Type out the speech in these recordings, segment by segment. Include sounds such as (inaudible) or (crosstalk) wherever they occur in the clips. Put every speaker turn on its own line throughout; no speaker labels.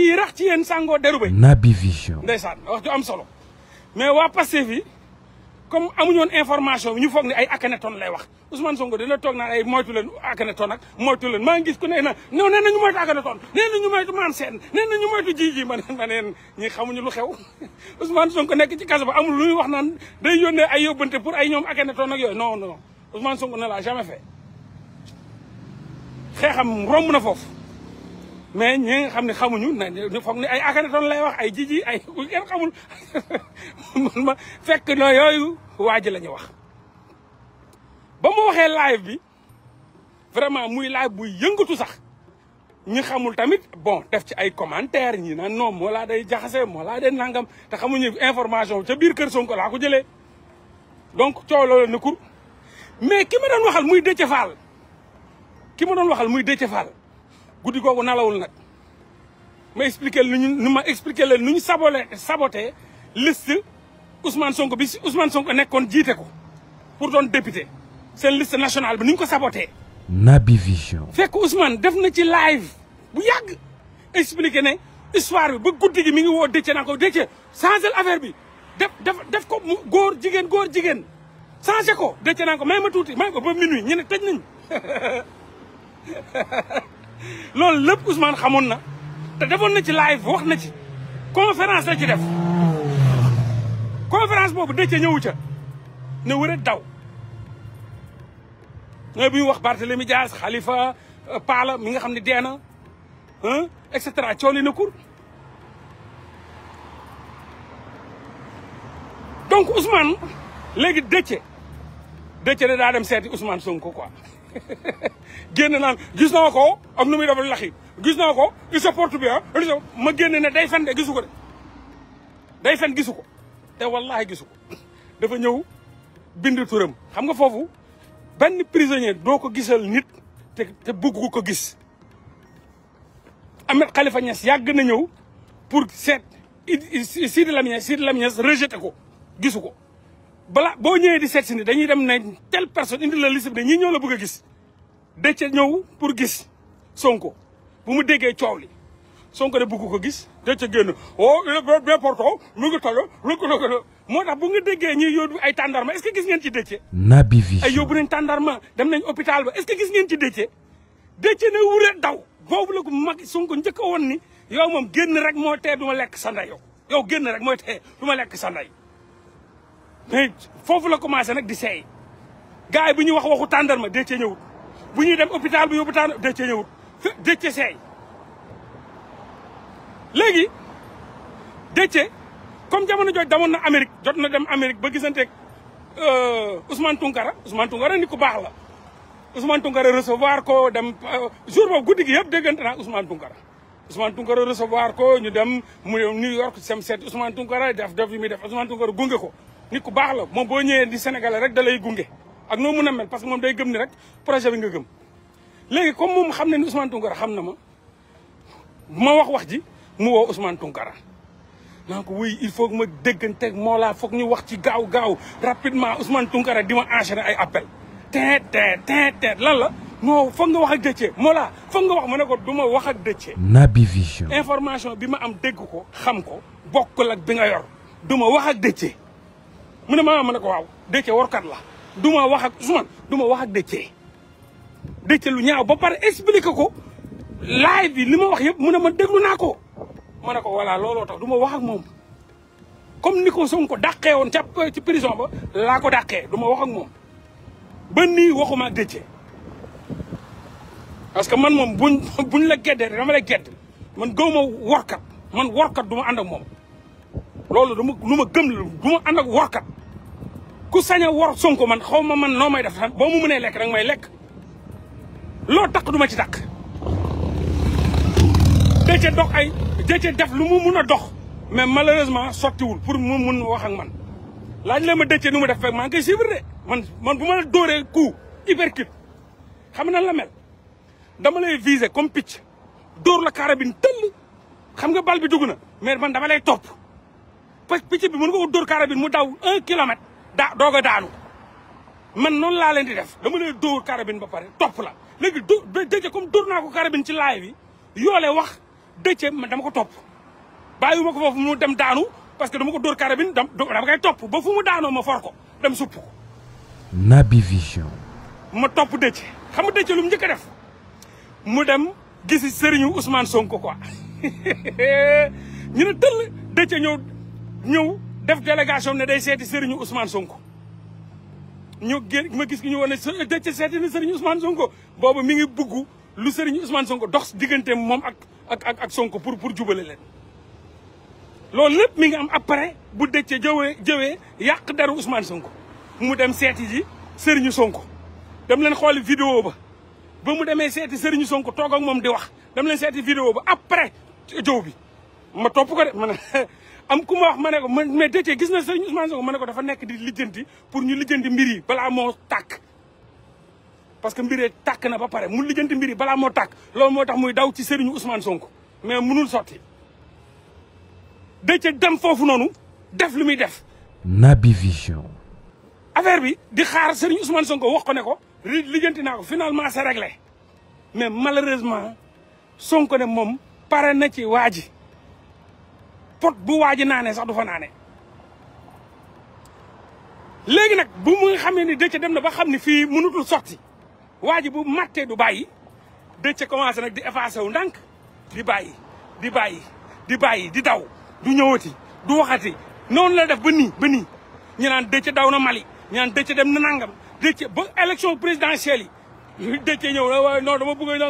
mbokk rax ci yéen sàngoo derube Naby Vision ndeysaan wax ju am solo mais waa Pastef yi comme amuñoon information bi ñu foog ne ay Akhenaton lay wax Ousmane Sonko dina toog naan ay moytu leen Akhenaton ak moytu leen maa ngi gis ku ne na non nee nañu moytu Akhenaton nee nañu moytu Mame Sène nee nañu moytu Jiji ma ne ma neen ñi xamuñu lu (laughs) nekk ci kaso ba amul lu wax naan day yónnee ay yóbbante pour ay ñoom Akhenaton ak yooyu non non Ousmane Sonko ne laa jamais fait xeexam romb na foofu mais ñi nga xam ne xamuñu na foog ni ay Akhenaton lay wax ay jiji ay kenn xamul man (laughs) ma fekk na yooyu waa ji la ñu wax ba mu waxee live bi vraiment muy live buy yëngatu sax ñi xamul tamit bon def ci ay commentaire ñi naan noom moo laa day jaxase moo laa day nangam te xamuñu information ca biir kër Sonko laa ko jëlee donc coow loolu na kur mais ki doon waxal muy Déthié Fall ki ma doon waxal muy Déthié Fall guddi googu nalawul nak ma expliquer leen nu ñu ma expliqué leen saboté liste Ousmane Sonko bi Ousmane Sonko nekkoon jité ko pour don député c'est liste nationale bi nu ñu ko saboté
nabi Vision.
fekk Ousmane def na ci live bu yag expliquer né histoire bi ba goudi gi mi ngi wo Déthié nako ko Déthié affaire bi def def def ko gor jigen gor jigen jigéen ko Déthié nako ko touti ma ko ba minuit ñu ne tëj nañ (laughs) loolu lépp Ousmane xamoon na te defoon na ci live wax na ci conférence la ci def conférence boobu dëcc ñëw ca ne wër daw ñooy bi wax Barthélemy Dias Khalifa euh, Pala mi nga xam ne dee na et cetera cooli na kur donc Ousmane léegi dëcc dëcc da daa dem seeti Ousmane Sonko quoi (laughs) génn naan gis naa ko am nu muy def laxi gis naa ko il se porte bien ah, ma génn ne day fen de gisu ko de day fen gisu ko te wallahi gisu ko (laughs) dafa ñëw bind turam xam nga foofu benn prisonnier doo ko gisal nit te te bëgg ko gis Ahmed Khalifa Niass yàgg na ñëw pour seet Sidi Lamine Sidi Lamine Niass rejeté ko gisu ko bala boo ñëwee di seet si ni dañuy dem ne telle personne indi la liste bi ne ñii ñoo la bëgg a gis dëcc ñëw pour gis Sonko bu mu déggee coow li Sonko de bëgg ko gis dëcc génn oh eh, il est déportant mu ngi talo moo tax bu nga déggee ñuy yóbbu ay tàndarma est-ce gis ngeen ci dëcc
Naby Vision
ay yóbbu nañ dem nañ hôpital ba est que gis ngeen ci dëcc dëcc ne wure daw boobu la ko mag Sonko njëkk a woon ni yow moom génn rek moo tee duma lekk sa ndey yow yow génn rek mooy tee du ma lekk sa ndey mais fofu la commencé nak di sey gaay buñu wax waxu tandarma de ci ñewut buñu dem hôpital bi ci ñewut de ci sey légui de ci comme jamono joj damon na amerique jot na dem amerique ba euh Ousmane tunkara Ousmane tunkara ni ku bax la Ousmane tunkara recevoir ko dem euh, jour bo goudi gi yeb déggante naa Ousmane tunkara Ousmane tunkara recevoir ko ñu dem New York sem set Ousmane tunkara def def yu muy def Ousmane tunkara gungé ko nit ku bax la mom bo ñëwé di sénégalais rek da lay gunge ak no mëna mel parce que mom day gëm ni rek projet bi nga gëm. légui comme mom xamné ni Ousmane Tounkara xamna ma ma wax wax ji mu wo Ousmane Tounkara donc oui il faut que ma dégganteeg moo laa foog ñu wax ci gaaw gaaw rapidement Ousmane Tounkara dima ma enchaîner ay appel té té té té lan la non faut nga wax ak deccé moo laa foog nga wax ma ne ko du wax ak deccé
Naby Vision.
information bima am dégg ko xam ko bokkul ak bi nga yor duma wax ak deccé mu ne a ma ne ko waaw Déthié workat la du ma wax ak Ousmane du ma wax ak Déthié Déthié lu ñaaw ba pare expliqué ko laay bi li ma wax yëpp mu ne ma déglu naa ko ma ne ko voilà looloo tax du ma wax ak moom comme ni ko Sonko dàqee woon ca ci prison ba laa ko dàqee du ma wax ak moom ba nii waxuma ak parce que man moom buñ (laughs) buñ la geddee dama la gedd man gaw ma warkat man warkat du ma ànd ak moom loolu dama lu ma gëm la du ma ànd ku sañ a wor Sonko man xaw ma man noo may def sax boo mu mënee lekk rek may lekk loo takk du ma ci takk. dëcce dox ay dëcce def lu mu mun a dox mais malheureusement sottiwul pour mu mun wax ak man laaj la ma dëcce nu mu def fekk maa ngi koy suivre de man man bu ma dooree dóoree coup uppercut xam na la dama lay viser comme picc dóor la carabine tëll xam nga bal bi dugg na mais man dama lay topp parce que picc bi mun nga ko dóor carabine mu daw un kilomètre. daa doog a daanu man noonu laa leen di def dama lay dóor carabine ba pare topp la léegi du dëcce comme dóor naa ko carabine ci laay bi yoole wax dëcce man dama ko topp bàyyiwuma ko foofu mu dem daanu parce que dama ko dóor carabine dama koy topp ba fu mu daanoo ma for ko dem supp ko
Naby Vision
ma topp dëcce xam nga dëcce lu mu njëkk a def mu dem gisi sëriñu Ousmane Sonko ko (laughs) ñu ne tëll dëcce ñëw ñëw def délégation ne day seeti Serigne Ousmane Sonko ñu gé ma gis ñu woon ne seeti na Serigne Ousmane Sonko boobu mi ngi bugg lu Serigne Ousmane Sonko dox diggante moom ak ak ak Sonko pour pour jubale leen. loolu lépp mi ngi am après bu dëccee jëwee jëwee yàq deru Ousmane Sonko mu dem seeti ji sëriñu Sonko dam leen xooli vidéo ba ba mu demee seeti Serigne Sonko toog ak moom di wax dam leen seeti vidéo ba après jëw bi. ma topp ko de ma ne (laughs) am ku ma wax ma ne ko man mais gis na Serigne Ousmane Sonko ma ne ko dafa nekk di lijjanti pour ñu lijjanti mbir yi balaa moo tàkk. parce que mbiree takk na ba pare mu lijjanti mbir yi balaa moo tàkk loolu moo tax muy daw ci Serigne Ousmane Sonko mais munul sotti Déthié dem foofu noonu def lu muy def.
Naby Vision.
affaire bi di xaar Serigne Ousmane Sonko wax ko ne ko lijjanti naa ko finalement c'est réglé mais malheureusement Sonko ne moom pare na ci waa ji pot bu waa ji naanee sax du fa naanee léegi nag bu mu nga xamee ni dëcc dem na ba xam ni fii mënutul sotti waa ji bu màttee du bàyyi dëcc commencé nag di effacé wu ndànk di bàyyi di bàyyi di bàyyi di daw du ñëwati du waxati noonu la def ba nii ba nii ñu naan dëcc daw na Mali ñaan naan dëcc dem na nangam dëcc ba élection présidentielle yi (laughs) dëcc ñëw na waaye non dama bëgg a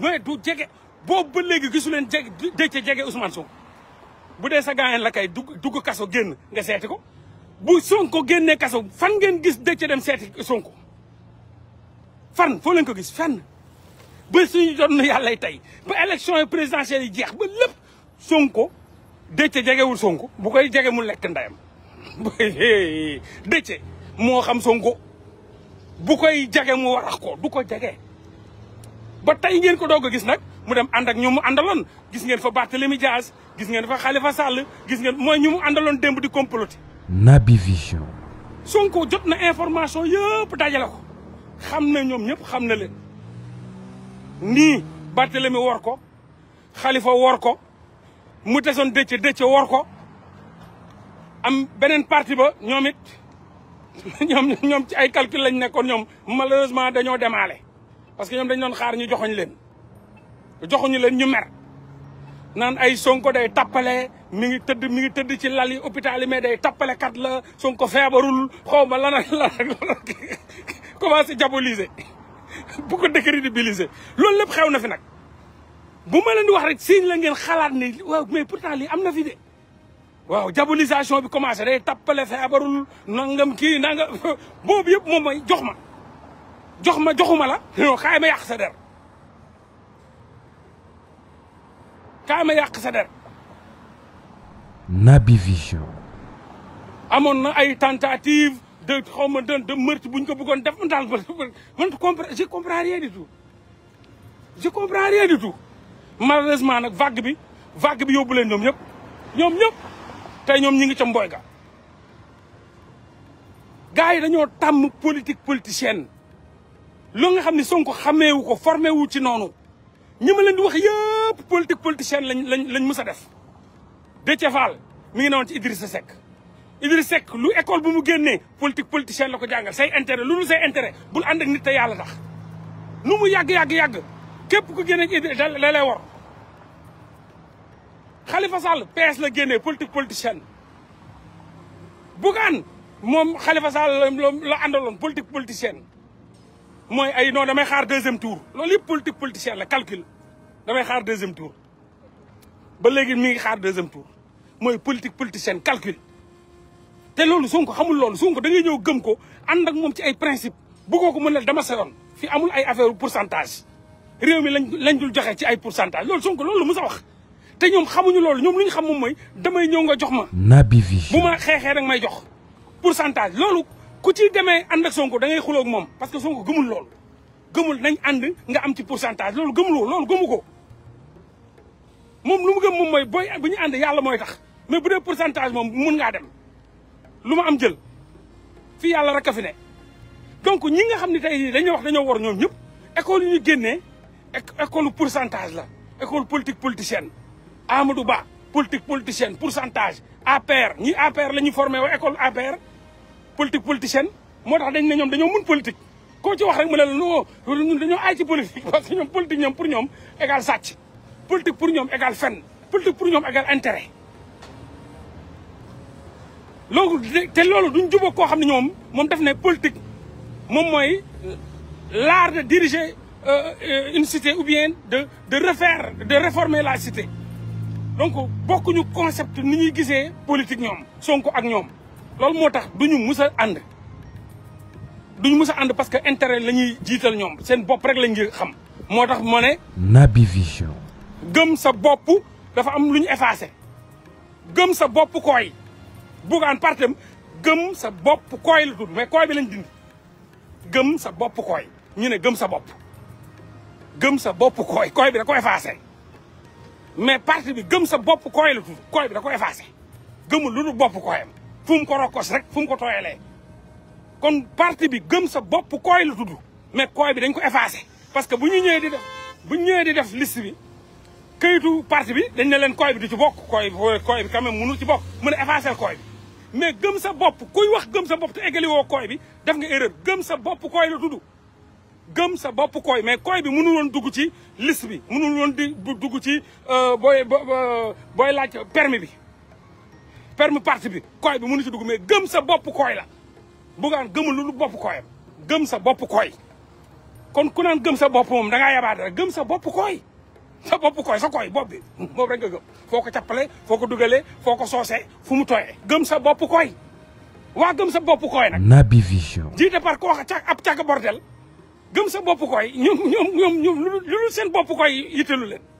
mais du jege boobu ba léegi gisu leen jege dëcc jege Ousmane bu dee sa gaayen la kay dugg dugg kaso génn nga seeti ko bu Sonko génnee kaso fan ngeen gis dëcc dem seeti Sonko fan foo leen ko gis fenn ba suñu doon na yàllay tey ba élection yi présidentielle yi jeex ba lépp Sonko dëcc jegewul Sonko bu koy jege mu lekk ndeyam (laughs) dëcc moo xam Sonko bu koy jege mu warax ko du ko jege ba tey ngeen ko doog ko gis nag mu dem ànd ak ñu mu àndaloon gis ngeen fa Barthélemy Diaz gis ngeen fa Khalifa Sall gis ngeen mooy ñu mu àndaloon démb di comploter.
Naby Vision.
Sonko jot na information yëpp dajale ko xam na ñoom ñëpp xam na leen nii Barthélemy wor ko Khalifa wor ko mu desoon dëcc dëcc wor ko am beneen parti ba ñoom it (laughs) ñoom ñoom ci ay calcul lañ nekkoon ñoom malheureusement dañoo demaale parce que ñoom dañ doon xaar ñu joxoñ leen. joxuñu leen ñu mer naan ay Sonko day tappale mi ngi tëdd mi tëdd ci lal yi hôpital mais day tappale kat la Sonko feebarul xaw ma lan ak lan (laughs) commencé diaboliser (laughs) bu ko décrédibiliser loolu lépp xew na fi nag bu ma leen di wax rek signe la ngeen xalaat ni waaw lii am na fi waaw diabolisation bi commencé day tappale feebarul nangam kii nangam (laughs) boobu yëpp moom may jox ma jox ma joxuma la non xaay ma yàq sa der kaay ma yàq sa der.
Naby Vision.
amoon na ay tentative de xaw ma de de meurtre bu ñu ko buggoon def daal man comprendre je comprends rien du tout si comprends rien du tout malheureusement nag vague bi vague bi yóbbu leen ñoom ñëpp ñoom ñëpp tey ñoom ñi ngi ca mboy ga gars yi dañoo tàmm politique politicienne loo nga xam ne Sonko xamee wu ko formé wu ci noonu ñi ma leen di wax yëpp. politique politicienne lañ lañ def mi ngi ci Idrissa Idrissa école bu mu politique politicienne la say intérêt lu nous say intérêt bul and ak nit te yalla tax nu mu yag yag yag le ku la lay PS la politique politicienne Bougan mom Khalifa Sall la politique politicienne Moi, ay non damay xaar deuxième tour le politique politicienne la calcul damay xaar deuxième tour ba légui mi ngi xaar deuxième tour moy politique politicien calcul té lolu Sonko xamul lolu Sonko da ngay ñew gëm ko and ak mom ci ay principe bu ko mën la dama seroon fi amul ay affaire pourcentage réew mi lañ dul joxé ci ay pourcentage lolu Sonko lolu mësa wax té ñom xamuñu lolu ñom lu xam moom mooy damay ñew nga jox ma. nabi Vision buma xexé xeexee rek may jox pourcentage lolu ku ci démé and ak Sonko da ngay xuloo ak parce que Sonko gëmul lolu gëmul nañ and nga am ci pourcentage lolu gëmul lolu gëmuko mom moom lu mu gëm mom moy boy buñu and yalla moy tax mais bu dee pourcentage mom mën nga dem luma am jël fi yalla rek a fi ne. donc ñi nga xamni tay dañu wax dañu wor ñom ñëpp école ñu génné école pourcentage la école politique politicienne Amadou Ba politique politicienne pourcentage APR ñi APR la ñu formé wa école APR politique politicienne motax dañ ne ñom dañu mën politique. Quand tu wax rek politique parce que politique pour nous, égal politique égal politique pour intérêt. politique euh, l'art de diriger euh, une cité ou bien de refaire de réformer la cité donc si concept concepts ñuy politique ñoom politique. ak nous sommes parce que intérêt la jital ñom seen rek lañu xam. motax moné Vision. gëm sa vous. dafa am gëm sa partem gëm sa mais koy bi lañu dindi gëm sa ñu ne gëm sa bop gëm sa bop koy koy bi da ko effacer mais parti bi gëm sa bop koy la tudd bi da ko effacer gëmul lu ko rokos rek ko kon parti bi gëm sa bop koy la tuddu mais koy bi dañ ko effacer parce que buñu ñëwé di def buñu ñëwé di def liste bi këyitu parti bi dañ ne leen kooy bi du ci bok koy koy bi quand même mënu ci bok mën effacer koy bi mais gëm sa bop kuy wax gëm sa bop te égalé wo koy bi def nga erreur gëm sa bop koy la tuddu gëm sa bop koy mais koy bi mënu won dugg ci liste bi mënu won di dugg ci euh boy boy laaj permis bi permis parti bi koy bi mënu ci dugg mais gëm sa bop koy la Bougane gëmul lu bopp kooyam gëm sa bopp kooy kon ku naan gëm sa bopp moom da ngaa yabaate rek gëm sa boppu kooy sa bopp kooy sa kooy bopp moo moom rek nga gëm foo ko cappale foo ko dugalee foo ko soosee fu mu tooyee gëm sa bopp kooy waa gëm sa bopp kooy nag Naby Vision jiite par ko wax càkk bordel gëm sa bopp kooy ñoom ñoom ñoom ñoom lu dul seen bopp kooy yittelu leen